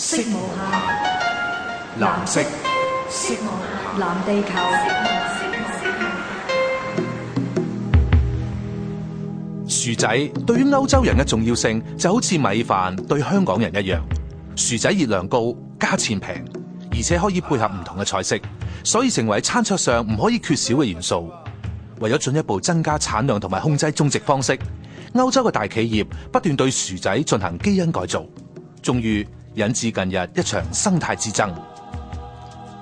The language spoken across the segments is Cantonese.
色無暇，藍色。色無藍地球。薯仔對於歐洲人嘅重要性就好似米飯對香港人一樣。薯仔熱量高，價錢平，而且可以配合唔同嘅菜式，所以成為餐桌上唔可以缺少嘅元素。為咗進一步增加產量同埋控制種植方式，歐洲嘅大企業不斷對薯仔進行基因改造，終於。引致近日一場生態之爭。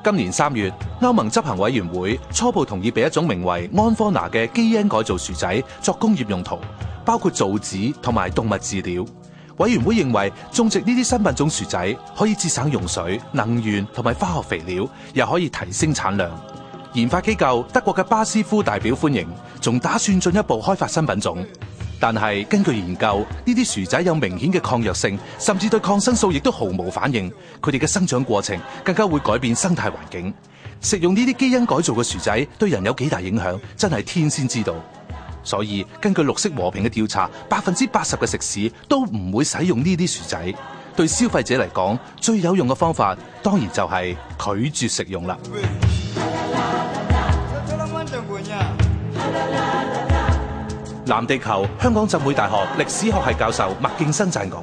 今年三月，歐盟執行委員會初步同意俾一種名為安科拿嘅基因改造薯仔作工業用途，包括造紙同埋動物飼料。委員會認為種植呢啲新品種薯仔可以節省用水、能源同埋化學肥料，又可以提升產量。研發機構德國嘅巴斯夫代表歡迎，仲打算進一步開發新品種。但係根據研究，呢啲薯仔有明顯嘅抗藥性，甚至對抗生素亦都毫無反應。佢哋嘅生長過程更加會改變生態環境。食用呢啲基因改造嘅薯仔對人有幾大影響，真係天先知道。所以根據綠色和平嘅調查，百分之八十嘅食肆都唔會使用呢啲薯仔。對消費者嚟講，最有用嘅方法當然就係拒絕食用啦。藍地球，香港浸會大學歷史學系教授麥勁生撰稿。